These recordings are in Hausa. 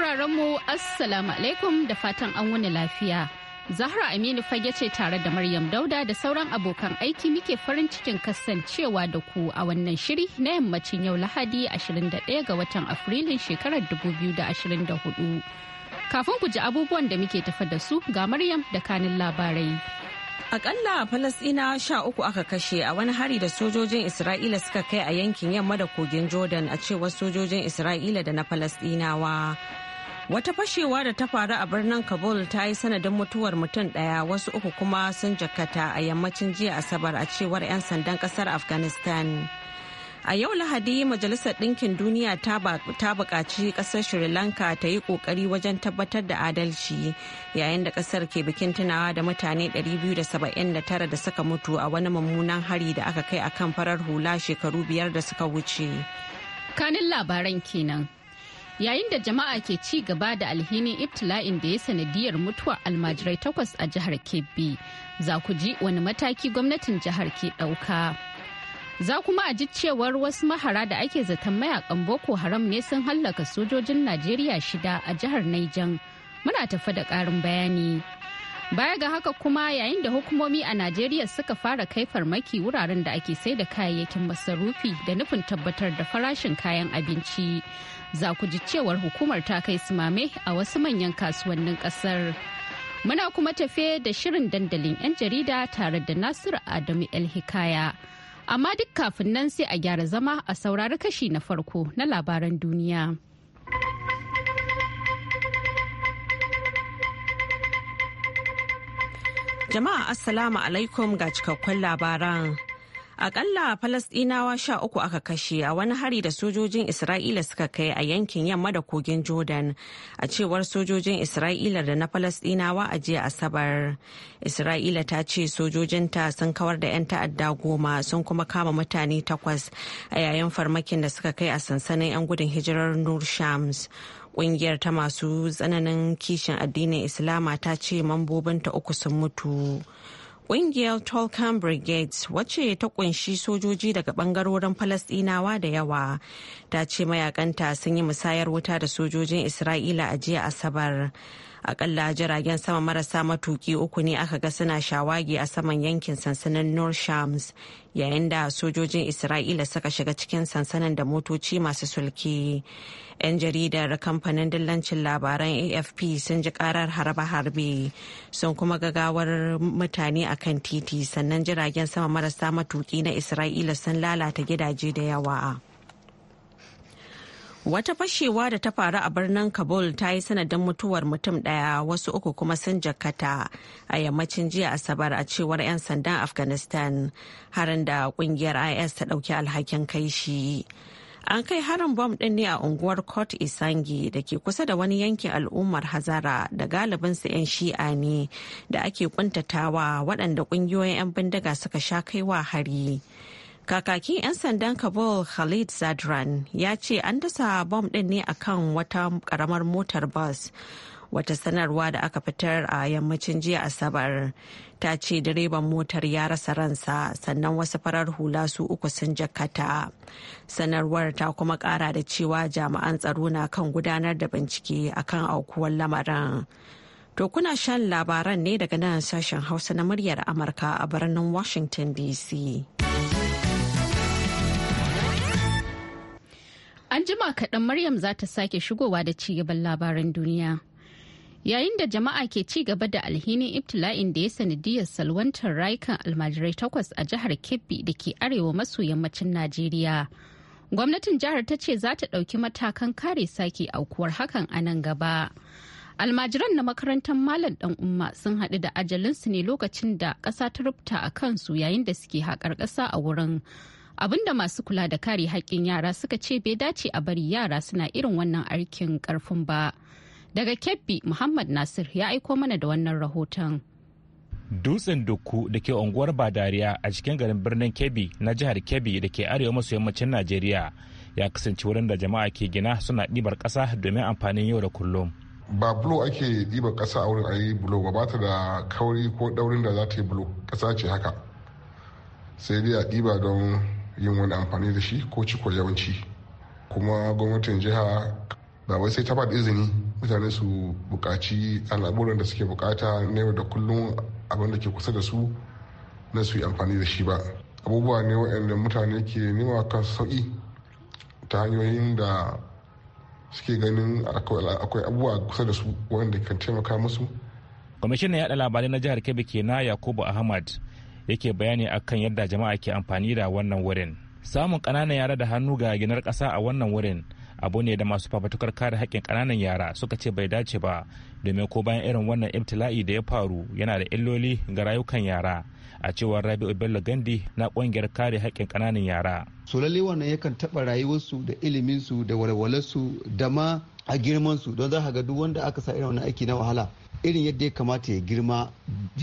sauraron mu Assalamu alaikum da fatan an wani lafiya. Zahra Aminu fage ce tare da Maryam Dauda da sauran abokan aiki muke farin cikin kasancewa da ku a wannan shiri na yammacin yau Lahadi 21 ga watan Afrilun shekarar 2024. Kafin ku ji abubuwan da muke tafa da su ga Maryam da kanin labarai. Akalla Falasina sha uku aka kashe a wani hari da sojojin Isra'ila suka kai a yankin yamma da kogin Jordan a cewar sojojin Isra'ila da na Falasɗinawa. Wata fashewa da ta faru a birnin Kabul ta yi sanadin mutuwar mutum daya wasu uku kuma sun jakata a yammacin jiya Asabar a cewar 'yan sandan kasar Afghanistan. A yau Lahadi Majalisar Ɗinkin Duniya ta buƙaci ƙasar Sri Lanka ta yi ƙoƙari wajen tabbatar da adalci yayin da ƙasar ke bikin tunawa da mutane 279 da suka mutu a wani mummunan hari da aka kai a kan farar hula shekaru biyar da suka wuce. Kanin labaran kenan. yayin da jama'a ke ci gaba da alhinin ibtila'in da ya sanadiyar mutuwar almajirai takwas a jihar kebbi za ku ji wani mataki gwamnatin jihar ke ɗauka za kuma a ji cewar wasu mahara da ake zaton mayakan boko haram ne sun hallaka sojojin najeriya shida a jihar naijan muna tafa da ƙarin bayani Baya ga haka kuma yayin da hukumomi a Najeriya suka fara kai farmaki wuraren da ake sai da kayayyakin masarufi da nufin tabbatar da farashin kayan abinci. Za ku ji cewar hukumar ta kai sumame a wasu manyan kasuwannin kasar. Muna kuma tafe da shirin dandalin 'yan jarida tare da Nasiru Adamu El Hikaya. Amma duk kafin nan sai a gyara zama a saurari kashi na farko na labaran duniya. Jama'a Assalamu alaikum ga cikakkun labaran. Akalla Falasɗinawa sha uku aka kashe a wani hari da sojojin Isra'ila suka kai a yankin yamma da kogin Jordan a cewar sojojin Isra'ila da na Falasɗinawa a jiya Asabar. Isra'ila ta ce sojojinta sun kawar da 'yan ta'adda goma sun kuma kama mutane takwas a yayin farmakin da suka kai a sansanin 'yan gudun hijirar Nur Shams. Kungiyar ta masu tsananin kishin addinin Islama ta ce mambobinta uku sun mutu. Kungiyar Tolkien Brigade wacce ta kunshi sojoji daga bangarorin Falasdinawa da yawa ta ce mayakanta sun yi musayar wuta da sojojin Isra'ila a jiya Asabar. akalla jiragen sama marasa matuki uku ne aka ga suna shawagi a saman yankin sansanin north shams yayin da sojojin isra'ila suka shiga cikin sansanin da motoci masu sulki yan jaridar kamfanin dillancin labaran afp sun ji karar harbe-harbe sun kuma gagawar mutane a kan titi sannan jiragen sama marasa matuki na isra'ila sun lalata gidaje da yawa. Wata fashewa da ta faru a birnin Kabul ta yi sanadin mutuwar mutum daya wasu uku kuma sun jakata a yammacin jiya Asabar a cewar 'yan sandan Afghanistan harin da kungiyar IS ta dauki alhakin kai shi. An kai harin bom ɗin ne a unguwar Kot Isangi da ke kusa da wani yankin al'ummar Hazara da galibinsu 'yan shi'a ne da ake kuntatawa waɗanda ƙungiyoyin 'yan bindiga suka sha kaiwa hari. kakakin 'yan sandan kabul khalid zadran ya ce an dasa bom ɗin ne akan wata ƙaramar motar bus wata sanarwa da aka fitar a yammacin jiya asabar ta ce direban motar ya rasa ransa sannan wasu farar hula su uku sun jakata sanarwar ta kuma kara da cewa jami'an tsaro na kan gudanar da bincike akan aukuwar lamarin to kuna shan labaran ne daga nan sashen hausa na muryar amurka a birnin washington dc An jima kaɗan Maryam za ta sake shigowa da ci gaban labaran duniya. Yayin da jama'a ke ci gaba da alhinin ibtila'in da ya sanadiyar salwantar rayukan almajirai takwas a jihar Kebbi da ke arewa maso yammacin Najeriya. Gwamnatin jihar ta ce za ta ɗauki matakan kare sake aukuwar hakan a nan gaba. almajiran na makarantar malam ɗan umma sun haɗu da ajalinsu ne lokacin da ƙasa ta rubuta a kansu yayin da suke haƙar ƙasa a wurin abinda masu kula da kare haƙƙin yara suka ce bai dace a bari yara suna irin wannan aikin karfin ba daga kebbi muhammad nasir ya aiko mana da wannan rahoton dutsen dukku da ke unguwar badariya a cikin garin birnin kebbi na jihar kebbi da ke arewa maso yammacin najeriya ya kasance wurin da jama'a ke gina suna ɗibar ƙasa domin amfanin yau da kullum ba bulo ake ɗibar ƙasa a wurin ayi bulo ba ba ta da kauri ko ɗaurin da za ta yi bulo ƙasa ce haka sai dai a ɗiba don yin wani amfani da shi ko ciko yawanci kuma gwamnatin jiha ba wai sai ta ba izini mutane su bukaci al'amuran da suke bukata na yau da kullum abin da ke kusa da su na su yi amfani da shi ba abubuwa ne waɗanda mutane ke nema kan sauƙi ta hanyoyin da suke ganin akwai abubuwa kusa da su wanda kan taimaka musu kwamishinan yaɗa labarai na jihar kebbi kenan yakubu ahmad yake bayani akan yadda jama'a ke amfani da wannan wurin samun ƙananan yara da hannu ga ginar ƙasa a wannan wurin abu ne da masu fafatukar kare haƙƙin ƙananan yara suka ce bai dace ba domin ko bayan irin wannan ibtila'i da ya faru yana da illoli ga rayukan yara a cewar rabi'u bello gandi na ƙungiyar kare haƙƙin ƙananan yara so lalle wannan yakan taɓa rayuwarsu da iliminsu da walwalarsu da ma a girmansu don za ka ga duk wanda aka sa irin wannan aiki na wahala irin yadda ya kamata ya girma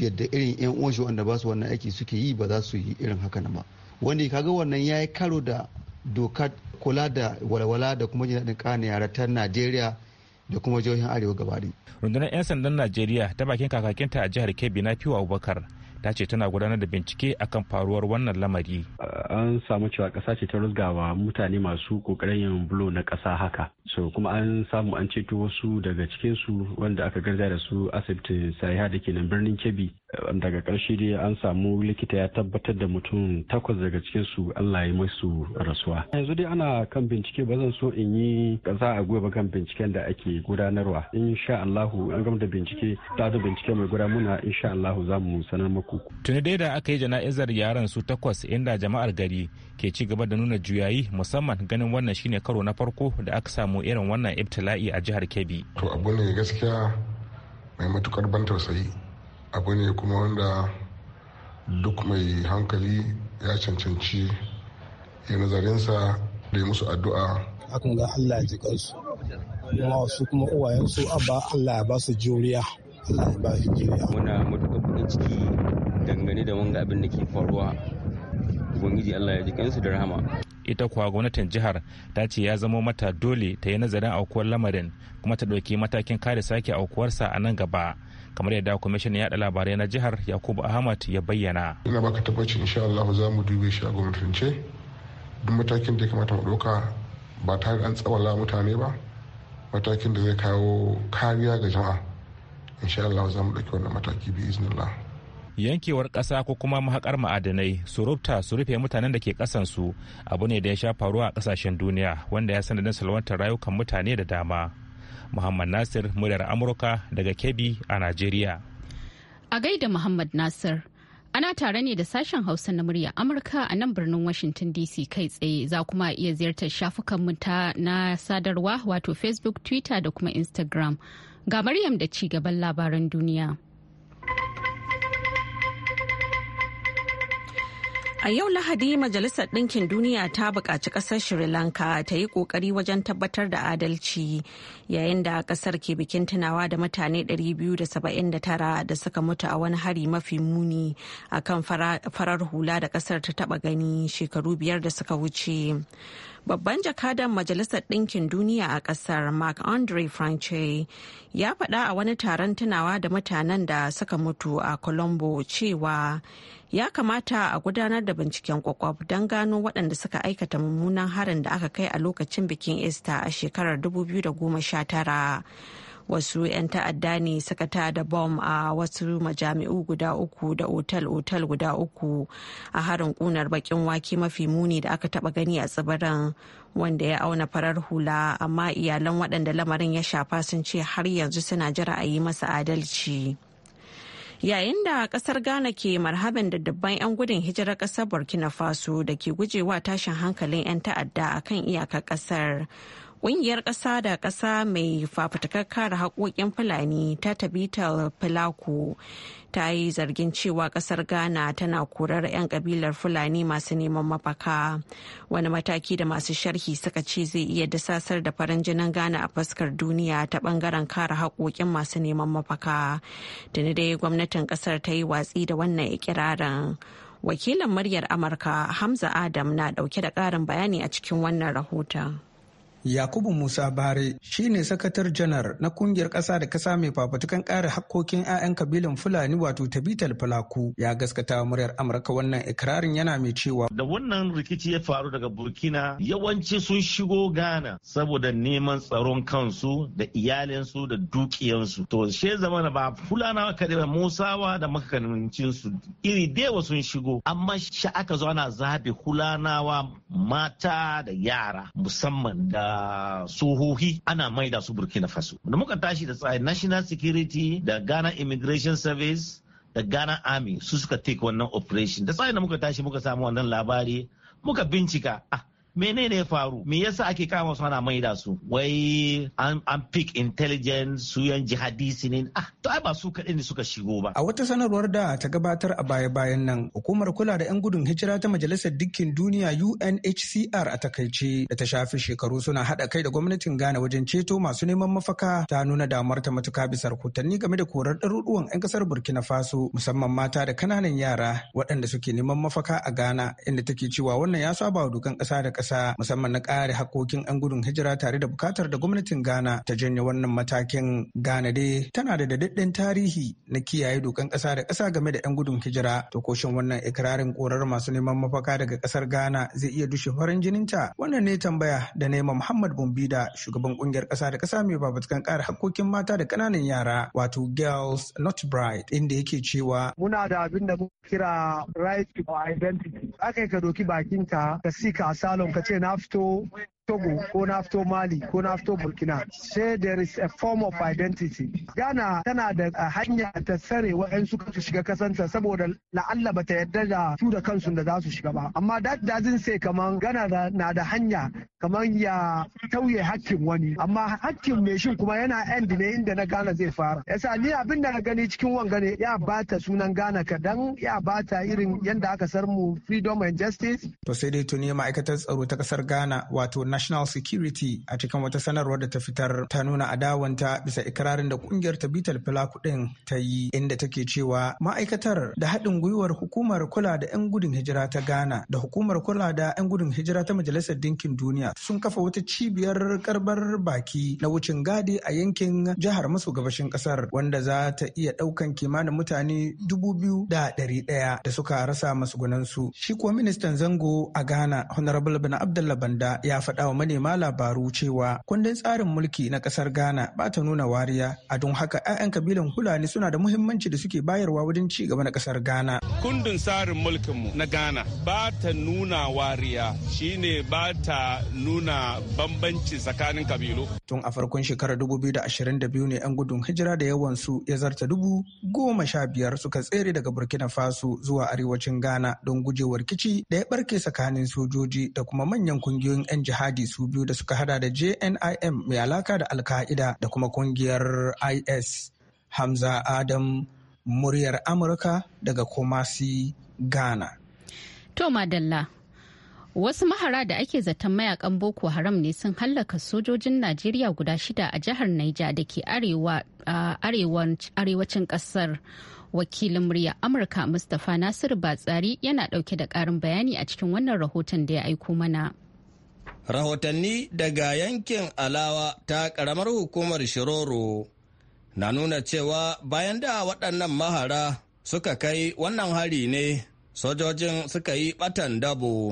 yadda irin yan uwan shi wanda ba su wannan aiki suke yi ba za su yi irin haka ba wanda kaga wannan ya yi karo da doka kula da walwala da kuma jin daɗin ƙana yara ta najeriya da kuma jihohin arewa gabari rundunar 'yan sandan najeriya ta bakin kakakinta a jihar kebbi na fiwa abubakar ta ce tana gudanar da bincike akan faruwar wannan lamari. An samu cewa ƙasa ce ta wa mutane masu ƙoƙarin yin bulo na ƙasa haka. So kuma an samu an ceto wasu daga cikinsu wanda aka garza da su asibitin Sahiha da ke nan birnin Kebbi. Daga ƙarshe dai an samu likita ya tabbatar da mutum takwas daga cikinsu Allah ya masu rasuwa. Yanzu dai ana kan bincike ba zan so in yi ƙasa a gwiwa kan binciken da ake gudanarwa. In sha Allahu an gama da bincike ta da bincike mai guda muna in sha Allahu za mu sanar muku kurkuku tuni dai da aka yi jana'izar yaran su takwas inda jama'ar gari ke ci gaba da nuna juyayi musamman ganin wannan shine karo na farko da aka samu irin wannan ibtila'i a jihar kebbi to abu ne gaskiya mai matukar ban tausayi abu ne kuma wanda duk mai hankali ya cancanci ya nazarinsa da ya musu addu'a akan ga allah ya ji kansu kuma wasu kuma uwayensu ba allah ya ba su juriya muna matuƙar bakin ciki dangane da wanga abin da ke faruwa ubangiji Allah ya ji kansu da rahama ita kuwa gwamnatin jihar ta ce ya zama mata dole ta yi nazarin aukuwar lamarin kuma ta ɗauki matakin kare sake aukuwarsa a nan gaba kamar yadda kwamishin yaɗa labarai na jihar yakubu ahmad ya bayyana ina baka tabbacin insha allahu za mu dube shi a gwamnatance duk matakin da ya kamata mu ɗauka ba tare an tsawala mutane ba matakin da zai kawo kariya ga jama'a insha Allah za mu ɗauki wannan mataki bi iznillah yankewar ƙasa ko kuma mahakar ma'adanai su rubta su rufe mutanen da ke ƙasansu abu ne da ya sha faruwa a ƙasashen duniya wanda ya sanadin salwantar rayukan mutane da dama muhammad nasir muryar amurka daga kebbi a najeriya a gaida muhammad nasir ana tare ne da sashen hausa na murya amurka a nan birnin washington dc kai tsaye za kuma iya ziyartar shafukan ta na sadarwa wato facebook twitter da kuma instagram Ga Maryam da ci gaban labaran duniya. A yau Lahadi Majalisar Ɗinkin Duniya ta buƙaci ƙasar Sri Lanka ta yi ƙoƙari wajen tabbatar da adalci yayin da ƙasar ke bikin tunawa da mutane 279 da suka mutu a wani hari mafi muni a kan farar hula da ƙasar ta taɓa gani shekaru biyar da suka wuce. Babban jakadan Majalisar Ɗinkin Duniya a ƙasar Mark Andre France ya faɗa a wani taron tunawa da mutanen da suka mutu a Colombo cewa ya kamata a gudanar da binciken kwakwaf don gano waɗanda suka aikata mummunan harin da aka kai a lokacin bikin Easter a shekarar 2019. wasu 'yan ta'adda ne suka tada bom a wasu majami'u guda uku da otal-otal guda uku a harin kunar bakin wake mafi muni da aka taba gani a tsibirin wanda ya auna farar hula amma iyalan waɗanda lamarin ya shafa sun ce har yanzu suna jira a yi masa adalci. yayin da kasar ghana ke marhaban da dubban 'yan gudun hijirar kasar burkina faso da ke gujewa tashin hankalin 'yan ta'adda a kan iyakar kasar Ƙungiyar ƙasa da ƙasa mai fafutukar kare haƙoƙin Fulani ta Tabital Filaku ta yi zargin cewa ƙasar Ghana tana korar 'yan ƙabilar Fulani masu neman mafaka. Wani mataki da masu sharhi suka ce zai iya dasasar da farin jinin Ghana a fuskar duniya ta ɓangaren kare haƙoƙin masu neman mafaka. Tuni dai gwamnatin ƙasar ta yi watsi da wannan ikirarin. Wakilin muryar Amurka Hamza Adam na ɗauke da ƙarin bayani a cikin wannan rahoton. Yakubu Musa Bare shi ne sakatar janar na kungiyar ƙasa da ƙasa mai fafutukan kare hakkokin 'ya'yan kabilan Fulani wato Tabital Falaku ya gaskata muryar Amurka wannan ikirarin yana mai cewa. Da wannan rikici ya faru daga Burkina yawanci sun shigo Ghana saboda neman tsaron kansu da iyalinsu da dukiyansu. To she zama da ba Fulana kaɗai ba Musawa da iri dewa sun shigo amma sha aka zo ana Hulanawa mata da yara musamman da da ana ana da su burkina faso da muka tashi da tsaye national security da ghana immigration service da ghana army su suka take wannan operation da tsaye da muka tashi muka samu wannan labari muka bincika ah menene ya faru me yasa ake kama su ana maida su wai an pick intelligence su yan jihadisi ne ah to ai ba su kaɗai ne suka shigo ba a wata sanarwar da ta gabatar a baya bayan nan hukumar kula da yan gudun hijira ta majalisar dukkin duniya UNHCR a takaice da ta shafi shekaru suna haɗa kai da gwamnatin Ghana wajen ceto masu neman mafaka ta nuna damar ta matuka bisar rahotanni game da korar ɗaruruwan 'yan ƙasar Burkina Faso musamman mata da kananan yara waɗanda suke neman mafaka a Ghana inda take cewa wannan ya saba wa dukan ƙasa da ƙasa ƙasa musamman na kare hakokin 'yan gudun hijira tare da bukatar da gwamnatin Ghana ta janye wannan matakin Ghana dai tana da daɗaɗɗen tarihi na kiyaye dokan ƙasa da ƙasa game da 'yan gudun hijira to koshin wannan ikirarin korar masu neman mafaka daga ƙasar Ghana zai iya dushe farin jinin ta? wannan ne tambaya da nema Muhammad Bumbida, shugaban ƙungiyar ƙasa da ƙasa mai babatukan kare hakokin mata da ƙananan yara wato Girls Not Bride inda yake cewa muna da abin da muka kira right to identity akai ka doki bakinka ka sika asylum That's enough to. togo ko na fito mali ko na fito burkina sai there is a form of identity ghana tana da hanya ta tsare wa'yansu su shiga kasanta saboda la'alla ta yarda da su da kansu da za su shiga ba amma that doesn't say kaman ghana na da hanya kaman ya tauye hakkin wani amma hakkin mai shin kuma yana end ne inda na ghana zai fara yasa ni abin da na gani cikin wanga ne ya bata sunan ghana kadan ya bata irin yanda aka sarmu freedom and justice to sai dai tuni ma'aikatar tsaro ta kasar ghana wato National Security a cikin wata sanarwar da ta fitar ta nuna adawanta bisa ikirarin da kungiyar ta bitar filaku ɗin ta yi inda take cewa ma'aikatar da haɗin gwiwar hukumar kula da 'yan gudun hijira ta Ghana da hukumar kula da 'yan gudun hijira ta Majalisar Dinkin Duniya sun kafa wata cibiyar karbar baki na wucin gadi a yankin jihar maso gabashin ƙasar wanda za ta iya ɗaukan kimanin mutane dubu biyu da ɗari ɗaya da suka rasa masugunansu. Shi kuwa ministan zango a Ghana Honorable Bin Abdullah Banda ya faɗa A wa manema labaru cewa kundin tsarin mulki na kasar Ghana ba ta nuna wariya a don haka 'ya'yan kabilan Hulani suna da muhimmanci da suke bayarwa wajen ci gaba na kasar Ghana. Kundin tsarin mulkinmu na Ghana ba ta nuna wariya shine ba ta nuna bambanci tsakanin kabilu. Tun a farkon shekarar 2022 ne 'yan gudun hijira da yawan su ya zarta dubu goma sha biyar suka tsere daga Burkina Faso zuwa arewacin Ghana don gujewa rikici da ya barke tsakanin sojoji da kuma manyan kungiyoyin 'yan jihadi jihadi su biyu da suka hada da JNIM mai alaka da Alka'ida da kuma kungiyar IS. Hamza Adam muryar Amurka daga Kumasi, Ghana. To Madalla, wasu mahara da ake zaton mayakan Boko Haram ne sun hallaka sojojin Najeriya guda shida a jihar Naija da ke arewacin kasar. Wakilin murya Amurka Mustapha Nasiru Batsari yana dauke da karin bayani a cikin wannan rahoton da ya aiko mana. Rahotanni daga yankin Alawa ta ƙaramar hukumar Shiroro na nuna cewa bayan da waɗannan mahara suka kai wannan hari ne sojojin suka yi ɓatan dabo,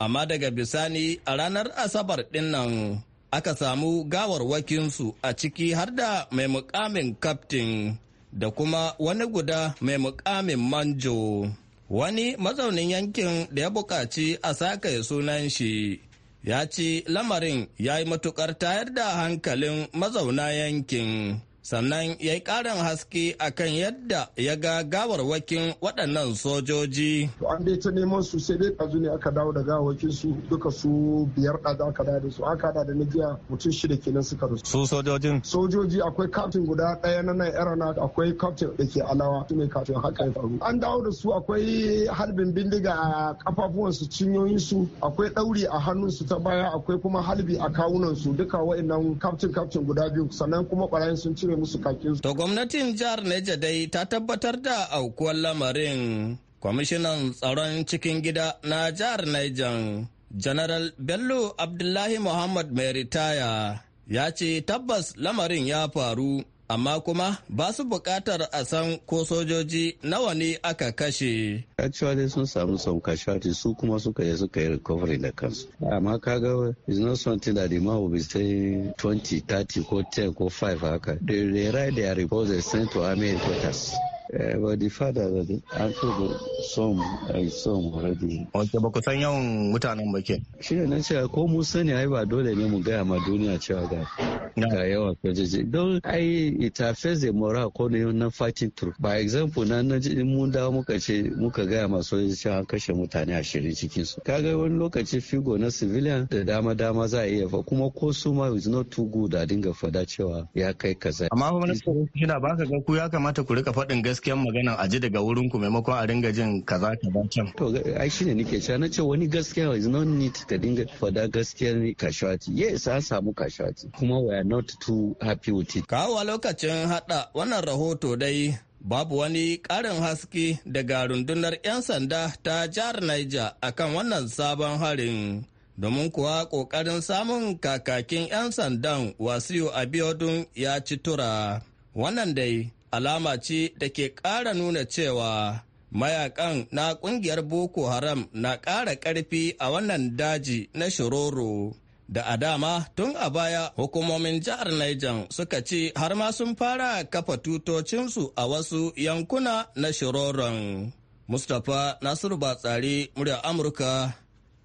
amma daga bisani a ranar Asabar ɗinnan aka samu gawarwakinsu a ciki har da mai mukamin kaftin da kuma wani guda mai mukamin manjo. Wani mazaunin yankin da ya buƙaci a sakaye sunan shi. ya ce lamarin ya yi matukar tayar da hankalin mazauna yankin sannan ya yi ƙarin haske a kan yadda ya ga gawarwakin waɗannan sojoji. To an dai ta neman su sai dai ɗazu ne aka dawo da gawarwakin su duka su biyar ɗazu aka dawo da su aka da da na jiya mutum shida kenan suka rusu. Su sojojin? Sojoji akwai kaftin guda ɗaya na nan aeronaut akwai kaftin da ke alawa su ne kaftin haka ya faru. An dawo da su akwai halbin bindiga a cinyoyin su. akwai ɗauri a hannun su ta baya akwai kuma halbi a kawunan su duka wa'innan kaftin kaftin guda biyu sannan kuma ɓarayin sun ci cire musu kakin su. To gwamnatin jihar Neja dai ta tabbatar da aukuwar lamarin. Kwamishinan tsaron cikin gida na jihar Nijan General Bello Abdullahi Muhammad mai ritaya, ya ce tabbas lamarin ya faru amma kuma ba su buƙatar a san ko sojoji nawa ne aka kashe. Actually sun samu some casualty su kuma suka yi suka yi recovery da kansu. Amma ka kaga is not something that the man will be saying 20, 30 ko 10 ko 5 haka. They, they write their reports and send to army headquarters. Eh, but the father already answered some I some already. Ok ba ku san yawan mutanen ba Shi ne nan cewa ko mun sani ai ba dole ne mu gaya ma duniya cewa ga ga yawa sojoji. Don ai it affects the mora ko ne na fighting through. Ba example na na ji mun dawo muka ce muka gaya ma sojoji cewa an kashe mutane ashirin cikin su. Kaga wani lokaci figo na civilian da dama dama za a iya fa kuma ko su ma is not too good a dinga fada cewa ya kai kaza. Amma kuma na shi na baka ga ku ya kamata ku rika faɗin gaskiya gaskiyan maganan aji daga wurin ku maimakon a ringa jin kaza kaza can to ai shine nake cewa na ce wani gaskiya is not need ka dinga fada gaskiyar kashwati yes an samu kashwati kuma we are not too happy with it kawo lokacin hada wannan rahoto dai babu wani karin haske daga rundunar 'yan sanda ta jihar Niger akan wannan sabon harin. Domin kuwa kokarin samun kakakin 'yan sandan wasu abiodun ya ci tura. Wannan dai alama ce da ke ƙara nuna cewa mayakan na ƙungiyar Boko Haram na ƙara ƙarfi a wannan daji na Shiroro. Da a dama tun a baya hukumomin jihar Niger suka ce har ma sun fara kafa tutocinsu a wasu yankuna na Shiroron. Mustapha Nasiru Batsari, murya Amurka,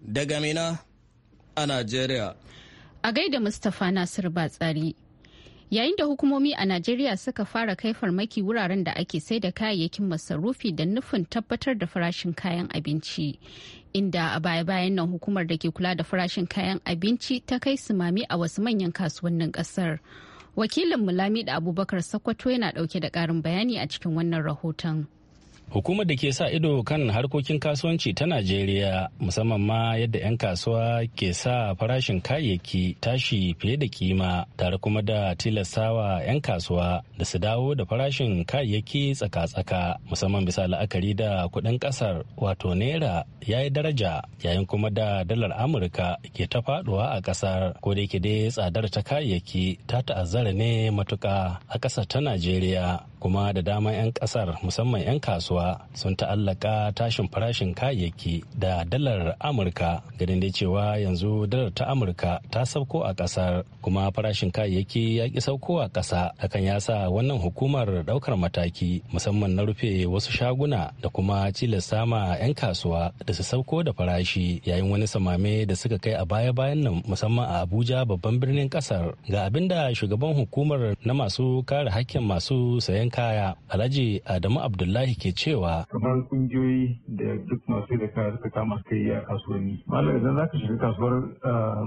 daga Mina a Najeriya. A gaida Mustapha Nasiru Batsari. yayin da hukumomi a najeriya suka fara kai farmaki wuraren da ake sai da kayayyakin masarufi da nufin tabbatar da farashin kayan abinci inda a baya-bayan nan hukumar da ke kula da farashin kayan abinci ta kai sumami a wasu manyan kasuwannin kasar wakilin mulami da abubakar sakwato yana dauke da karin bayani a cikin wannan rahoton Hukumar da ke sa ido kan harkokin kasuwanci ta Najeriya musamman ma yadda 'yan kasuwa ke sa farashin kayayyaki tashi fiye da kima tare kuma da tilastawa 'yan kasuwa da su dawo da farashin kayayyaki tsaka-tsaka musamman bisa la'akari da kudin kasar wato naira ya yi daraja yayin kuma da dalar Amurka ke ta faduwa a kasar ko da yake dai tsadar ta kayayyaki ta ta'azzara ne matuƙa a kasar ta Najeriya kuma da dama 'yan kasar musamman 'yan kasuwa kasuwa sun ta'allaka tashin farashin kayayyaki da dalar amurka ganin da cewa yanzu dalar ta amurka ta sauko a kasar kuma farashin kayayyaki ya ki sauko a kasa hakan ya sa wannan hukumar daukar mataki musamman na rufe wasu shaguna da kuma tilasta ma 'yan kasuwa da su sauko da farashi yayin wani samame da suka kai a baya-bayan nan musamman a abuja babban birnin kasar ga abin da shugaban hukumar na masu kare hakkin masu sayan kaya alhaji adamu abdullahi ke ce cewa kamar kungiyoyi da duk masu da kaya suka kama kai a kasuwanni malam idan zaka shiga kasuwar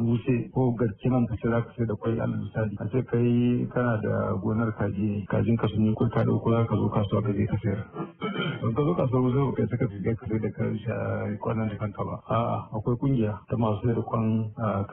wuce ko garki nan ka ce zaka sai da kwai alal misali a ce kai kana da gonar kaji kajin ka sun yi ko ka dauko zaka zo kasuwa ka je ka sayar don ka zo kasuwar wuce ka saka shiga ka sai da kwanan da kanka ba a'a akwai kungiya ta masu da kwan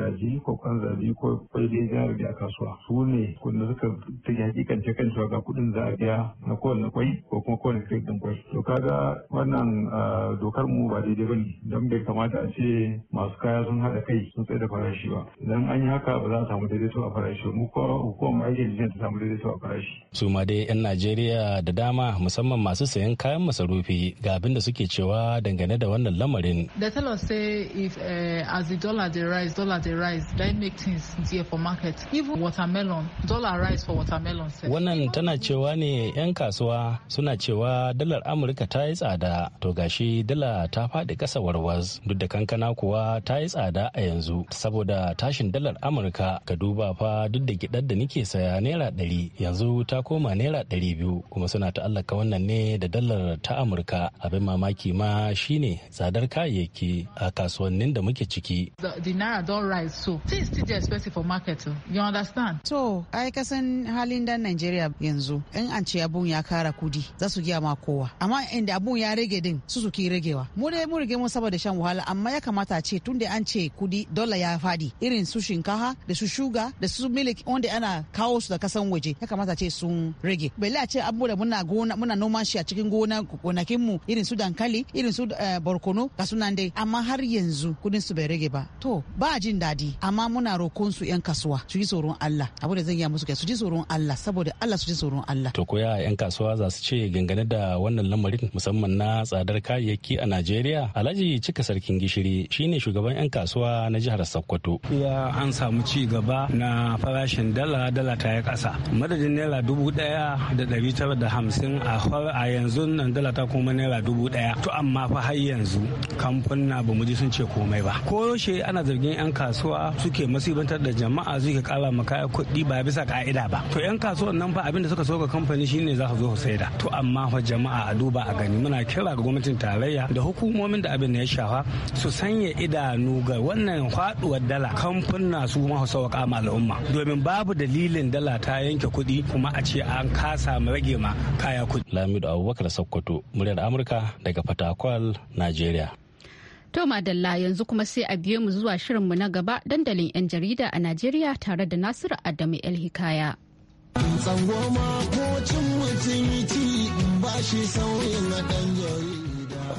kaji ko kwan zabi ko kwai da ya da a kasuwa su ne kun suka ta hakikance kan cewa ga kudin za a biya na kowane kwai ko kuma kowane kai din kwai to kaga wannan ah, dokar mu ba daidai bane don bai kamata a ce masu kaya sun haɗa kai sun tsaye da farashi ba idan an yi haka ba za a samu daidaito a farashi mu ko hukumar aikin jin ta samu daidaito a farashi su ma dai yan Najeriya da dama musamman masu sayan kayan masarufi ga abin da suke cewa dangane da wannan lamarin they tell us say if uh, as the dollar dey rise dollar dey rise then make things dear for market even watermelon dollar rise for watermelon wannan tana cewa ne yan kasuwa suna cewa dalar amurka amurka ta yi tsada to gashi dala ta faɗi ƙasa warwas duk da kankana kuwa ta yi tsada a yanzu saboda tashin dalar amurka ka duba fa duk da gidan da nike saya naira ɗari yanzu ta koma naira ɗari biyu kuma suna ta ta'allaka wannan ne da dalar ta amurka abin mamaki ma shine tsadar kayayyaki a kasuwannin da muke ciki. The naira don rise so things still dey expensive for market oh. you understand. To ai kasan halin dan nigeria yanzu in an ce abun ya kara kudi za su giya ma kowa amma inda abun ya rage din su su ragewa mu dai mu rige mu saboda shan wahala amma ya kamata ce tun da an ce kudi dola ya fadi irin su shinkafa da su shuga da su milk wanda ana kawo su da kasan waje ya kamata ce sun rage bai a ce abu da muna gona muna noma shi a cikin gona gonakin mu irin su dankali irin su eh, barkono ga sunan dai amma har yanzu kudin su bai rage ba to ba jin dadi amma muna rokon su yan kasuwa su ji tsoron Allah abu da zan yi musu su ji tsoron Allah saboda Allah su ji tsoron Allah to ko ya yan kasuwa za su ce gangane da wannan lamarin al'amarin musamman na tsadar kayayyaki a Najeriya Alhaji Cika Sarkin Gishiri shine shugaban 'yan kasuwa na jihar Sokoto. Ya an samu ci gaba na farashin dala dala ta ya kasa. Madadin naira dubu ɗaya da ɗari tara da hamsin a a yanzu nan dala ta kuma naira dubu ɗaya. To amma fa har yanzu kamfuna ba mu ji sun ce komai ba. Ko yaushe ana zargin 'yan kasuwa suke masibantar da jama'a suke kara ma kaya kuɗi ba bisa ka'ida ba. To 'yan kasuwan nan fa abin da suka so ga kamfani shine za su zo su saida. To amma fa jama'a a duba a gani muna kira ga gwamnatin tarayya da hukumomin da abin ya shafa su sanya idanu ga wannan faduwar dala kamfuna su ma su sauka ma al'umma domin babu dalilin dala ta yanke kuɗi kuma a ce an kasa rage ma kaya kuɗi. Lamido Abubakar Sokoto muryar Amurka daga Fatakwal, Najeriya. To Madalla yanzu kuma sai a biye mu zuwa shirinmu na gaba dandalin 'yan jarida a Najeriya tare da Nasiru Adamu El Hikaya. Tsangwama ko cin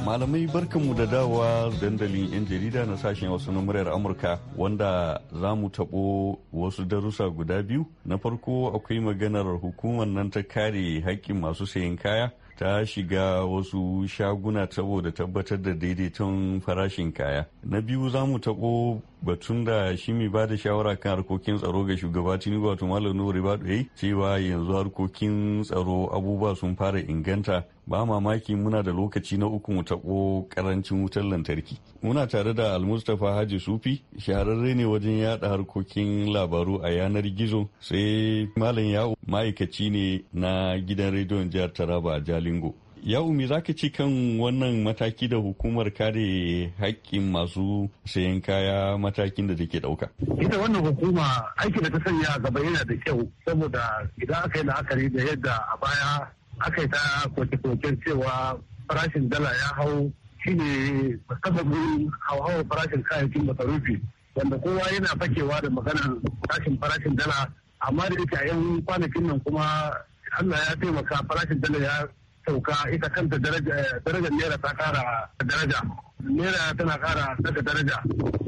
malamai barkanmu da dawa dandalin 'yan jarida na sashen wasu na muryar amurka wanda za mu taɓo wasu darussa guda biyu na farko akwai maganar hukumar nan ta kare haƙƙin masu sayan kaya ta shiga wasu shaguna saboda tabbatar da daidaiton farashin kaya na biyu za mu taɓo batun da shi mai ba da shawara kan harkokin tsaro ga shugaba tinubu wato malam nuhu ribadu yayi cewa yanzu harkokin tsaro abubuwa sun fara inganta ba mamaki muna da lokaci na uku mu taɓo karancin wutar lantarki muna tare da almustapha haji sufi shahararre ne wajen yada harkokin labaru a yanar gizo sai malam yawo ma'aikaci ne na gidan rediyon jihar taraba a jalingo ya za ka ci kan wannan mataki da hukumar kare haƙƙin masu sayan kaya matakin da take ɗauka. ita wannan hukuma aiki da ta sanya gaba yana da kyau saboda idan aka yi la'akari da yadda a baya aka yi ta koke-koken cewa farashin dala ya hau shine sababin hauhawar farashin kayayyakin masarufi wanda kowa yana fakewa da maganar farashin farashin dala amma da yake a yan kwanakin nan kuma Allah ya taimaka farashin dala ya sauka ita kanta eh, darajar naira ta kara daraja naira tana kara daga daraja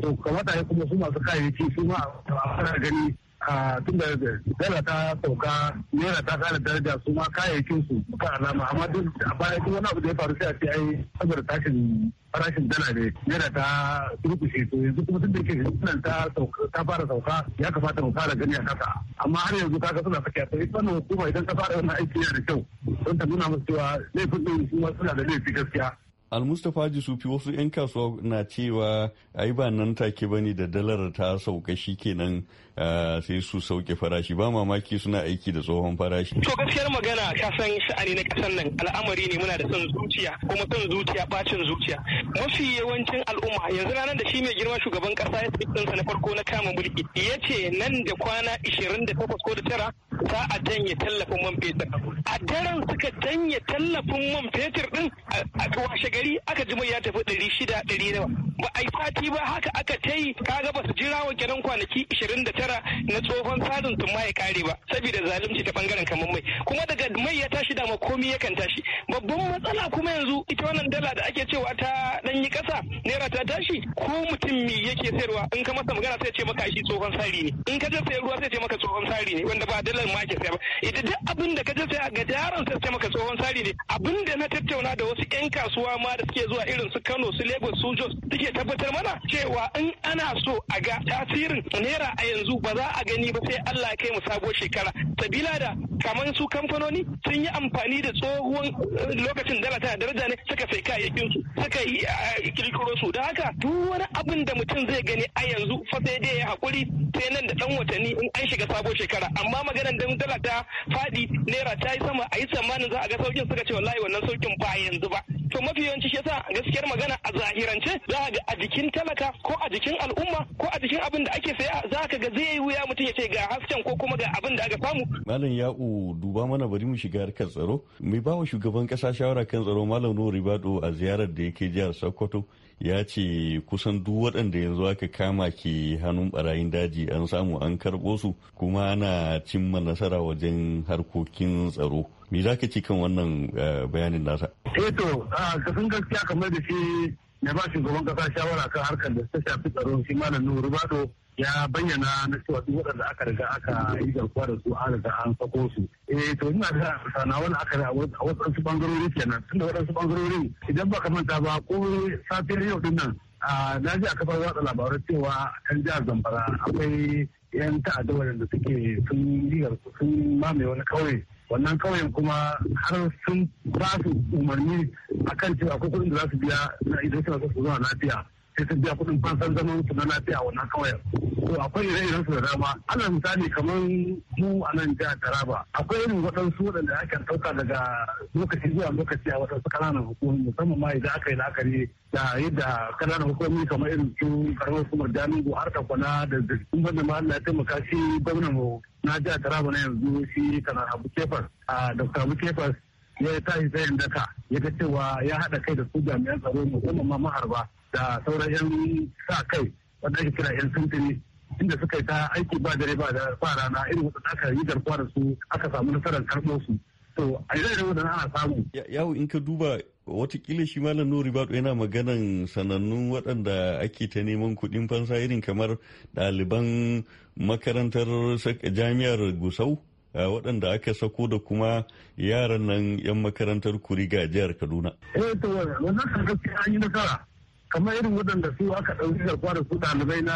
to kamata ya kuma su masu kayayyaki su ma a fara gani tun da dala ta sauka nera ta kara daraja su ma kayayyakin su kan alama amma duk a baya duk wani abu da ya faru sai a ce ai saboda tashin farashin dala ne nera ta rubuce to yanzu kuma tun da ke nan ta ta fara sauka ya kamata mu fara gani a kasa amma har yanzu kaga suna fake ta ita wannan hukuma idan ta fara wannan aiki yana da kyau don ta nuna musu cewa laifin ɗin su ma suna da laifi gaskiya almustapha jisufi wasu 'yan kasuwa na cewa ai ba nan take bane da dalar ta sauka shi kenan Eh, sai su sauke farashi ba mamaki suna aiki da tsohon farashi. To gaskiyar magana ka san sha'ani na ƙasar nan al'amari ne muna da son zuciya kuma son zuciya bacin zuciya. Mafi yawancin al'umma yanzu ranar da shi mai girma shugaban ƙasa ya tafi na farko na kama mulki ya ce nan da kwana ishirin da takwas ko da tara za a janye tallafin man fetur. A daren suka janye tallafin man fetur din a washe gari aka ji mai ya tafi ɗari shida ɗari nawa. Ba a yi sati ba haka aka ta yi kaga ba su jira wa kenan kwanaki ishirin da tara shekara na tsohon tsarin tun ma ya kare ba saboda zalunci ta bangaren kamar mai kuma daga mai ya tashi dama ya yakan tashi babban matsala kuma yanzu ita wannan dala da ake cewa ta dan yi kasa naira ta tashi ko mutum me yake sayarwa in ka masa magana sai ce maka shi tsohon tsari ne in ka je sayar ruwa sai ce maka tsohon tsari ne wanda ba dalar ma ke saya ba idan duk abin da ka je a ga jaran sai ce maka tsohon tsari ne abin da na tattauna da wasu yan kasuwa ma da suke zuwa irin su Kano su Lagos su Jos suke tabbatar mana cewa in ana so a ga tasirin naira a yanzu ba za a gani ba sai Allah kai mu sabo shekara sabila da kamar su kamfanoni sun yi amfani da tsohuwan eh, lokacin dala tana daraja ne suka sai kayayyakin su suka yi eh, kirkiro su da haka duk wani abin da mutum zai gani a yanzu fa sai dai ya hakuri sai nan da dan watanni in an shiga sabo shekara amma maganar dan dala ta fadi naira ta yi sama a yi tsammanin za a ga saukin suka ce wallahi wannan saukin ba yanzu ba to mafi yawanci shi yasa gaskiyar magana a zahirance za a ga a jikin talaka ko a jikin al'umma ko a jikin abin da ake saya za ka ga zai wuya mutum ya ce ga hasken ko kuma ga abin da aka samu malam ya'u duba mana bari mu shiga harkar tsaro mai bawa shugaban kasa shawara kan tsaro malam nuhu ribado a ziyarar da yake jihar sokoto ya ce kusan duk waɗanda yanzu aka kama ke hannun barayin daji an samu an karɓo su kuma ana cimma nasara wajen harkokin tsaro Me za ka ce kan wannan eh, bayanin nasa? Eto, eh, a kasan gaskiya kamar da shi na ba shugaban kasa shawara kan harkar da ta shafi tsaro shi malam Nuhu Rubado ya bayyana na cewa duk waɗanda aka riga aka yi garkuwa da su an riga an sako su. Eh to ina da sana wani aka a wasu bangarori kenan tunda waɗansu bangarori idan ba ka manta ba ko safiyar yau din nan na ji a kafar watsa labarai cewa kan jihar Zamfara akwai 'yan ta'adda waɗanda suke sun yi sun mamaye wani kauye wannan kauyen kuma har sun ba su umarni akan cewa akwai kuɗin da za su biya na idan suna so su zauna lafiya sai sun biya kuɗin fansan zaman su na lafiya wannan kauyen. To akwai ire-iren su da dama. Ana misali kamar mu a nan jihar Taraba akwai irin waɗansu waɗanda ake ɗauka daga lokaci zuwa lokaci a waɗansu ƙananan hukumomi musamman ma idan aka yi la'akari da yadda ƙananan hukumomi kamar irin su karamar hukumar Jami'u har da kwana da zirgin banda ma Allah ya taimaka shi gwamnan mu na jihar Taraba na yanzu shi kana Abu Kefas a Dr. Abu Kefas ya tashi tsayin daka ya ga cewa ya haɗa kai da su jami'an tsaro musamman ma maharba da sauran 'yan sa kai wanda ake kira 'yan sintiri inda suka yi ta aiki ba dare ba da ba rana irin wadda aka yi garkuwa da su aka samu nasarar karɓo su to a irin wadda ana samu. yawo in ka duba watakila shi malam nuri baɗo yana maganan sanannun waɗanda ake ta neman kuɗin fansa irin kamar ɗaliban makarantar jami'ar gusau waɗanda aka sako da kuma yaran nan 'yan makarantar kuriga jihar kaduna. eh to wannan kan gaskiya an yi nasara kamar irin waɗanda su aka ɗauki garkuwa da su ɗalibai na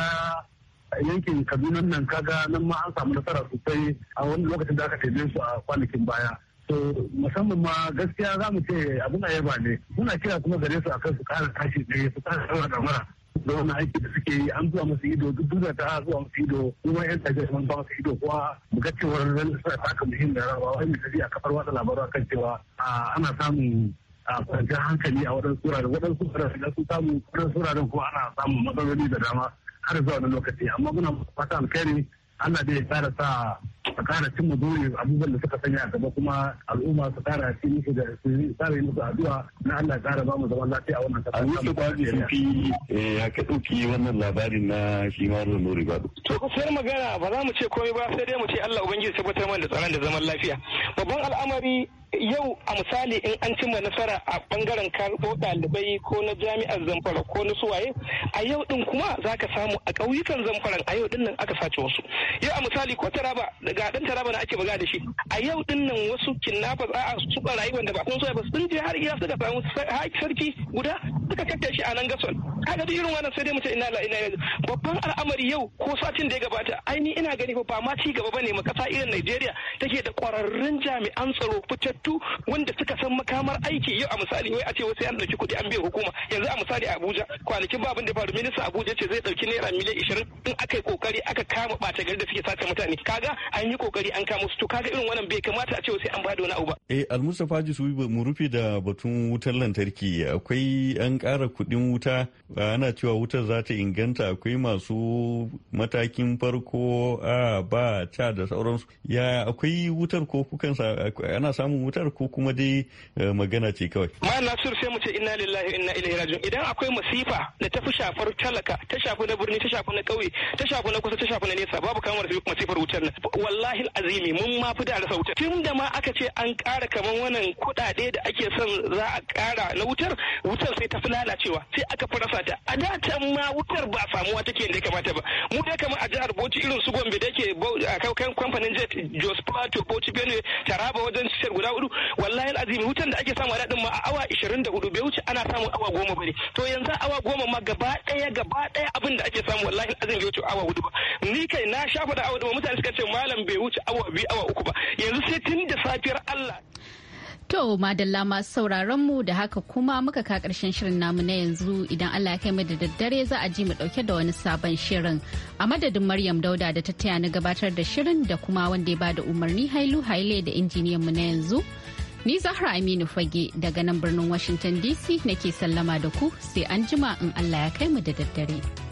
yankin Kaduna nan kaga nan ma an samu nasara sosai a wani lokacin da aka taimake su a kwanakin baya to musamman ma gaskiya za mu ce abin ayaba ne muna kira kuma gare su a akan su ƙara tashi ɗaya su ƙara ɗaura ɗamara da wani aiki da suke yi an zuwa masu ido duk da ta zuwa masu ido kuma yan tafiya sun ba masu ido kuwa mu ga cewar suna taka muhimmiyar rawa wani a kafar watsa labaru akan cewa ana samun a kwanciyar hankali a waɗansu wuraren waɗansu wuraren sun samu waɗansu wuraren kuma ana samun matsaloli da dama har zuwa wani lokaci amma muna fata alkhairi Allah da ya kara sa a kara cin dole abubuwan da suka sanya gaba kuma al'umma su kara ci musu da su kara yi musu addu'a na Allah kara ba mu zaman lafiya a wannan kasar. A wuce ba sun fi eh, ya ka ɗauki wannan labarin na shi ma da Nuri Bado. To kusuwar magana ba za mu ce komai ba sai dai mu ce Allah Ubangiji tabbatar mana da tsaron da zaman lafiya. Babban al'amari yau a misali in an cimma nasara a bangaren karɓo ɗalibai ko na jami'ar zamfara ko na suwaye a yau din kuma za ka samu a ƙauyukan zamfara a yau din nan aka sace wasu yau a misali ko taraba daga ɗan taraba na ake buga da shi a yau din nan wasu za a su rayuwar da ba kun suwaye ba sun je har iya suka samu sarki guda suka kakkace a nan gasol kaga duk irin wannan sai dai mu ce ina la ina babban al'amari yau ko satin da ya gabata aini ina gani ba ma ci gaba ba ne ma kasa irin Najeriya take da ƙwararrun jami'an tsaro fitar amintattu wanda suka san makamar aiki yau a misali wai a ce wasu yan dauki kuɗi an biya hukuma yanzu a misali Abuja kwanakin ba abin da faru minista Abuja ce zai dauki naira miliyan ishirin in aka yi kokari aka kama bata gari da suke sace mutane kaga an yi kokari an kama su to kaga irin wannan bai kamata a ce wasu an da wani abu ba. Eh Almustapha Jisubi mu rufe da batun wutar lantarki akwai an kara kuɗin wuta ana cewa wutar za ta inganta akwai masu matakin farko a ba ca da sauransu ya akwai wutar ko kukan ana samun wutar ko kuma dai eh, magana ce kawai. Malam Nasiru sai mu ce inna lillahi inna ilaihi raji'un idan akwai masifa da tafi shafar talaka ta shafi na birni ta shafi na ƙauye ta shafi na kusa ta shafi na nesa babu kamar da masifar wutar nan wallahi azimi mun ma fi da rasa wutar tun da ma aka ce an ƙara kaman wannan kuɗaɗe da ake son za a ƙara na wutar wutar sai ta fi lalacewa sai aka fi rasa ta a da can ma wutar ba samuwa take yadda ya kamata ba mu dai kamar a jihar Bauchi irin su Gombe da ke a kamfanin jet Jos Plateau Bauchi Benue Taraba wajen guda hudu wallahi azimi wutan da ake samu a daɗin ma a awa ishirin da hudu bai wuce ana samun awa goma bane to yanzu awa goma ma gaba ɗaya gaba ɗaya abin da ake samu wallahi azimi bai wuce awa hudu ba ni kai na shafa da awa hudu mutane suka ce malam bai wuce awa biyu awa uku ba yanzu sai tun da safiyar Allah To madalla masu sauraron mu da haka kuma muka ka karshen shirin namu na yanzu idan Allah ya kai mu da daddare za a ji mu dauke da wani sabon shirin. A madadin Maryam Dauda da ta taya ni gabatar da shirin da kuma wanda ya bada umarni Hailu Haile da injiniyan mu na yanzu. Ni Zahra Aminu Fage daga nan birnin Washington DC nake sallama da ku sai an jima in Allah ya kai mu da daddare.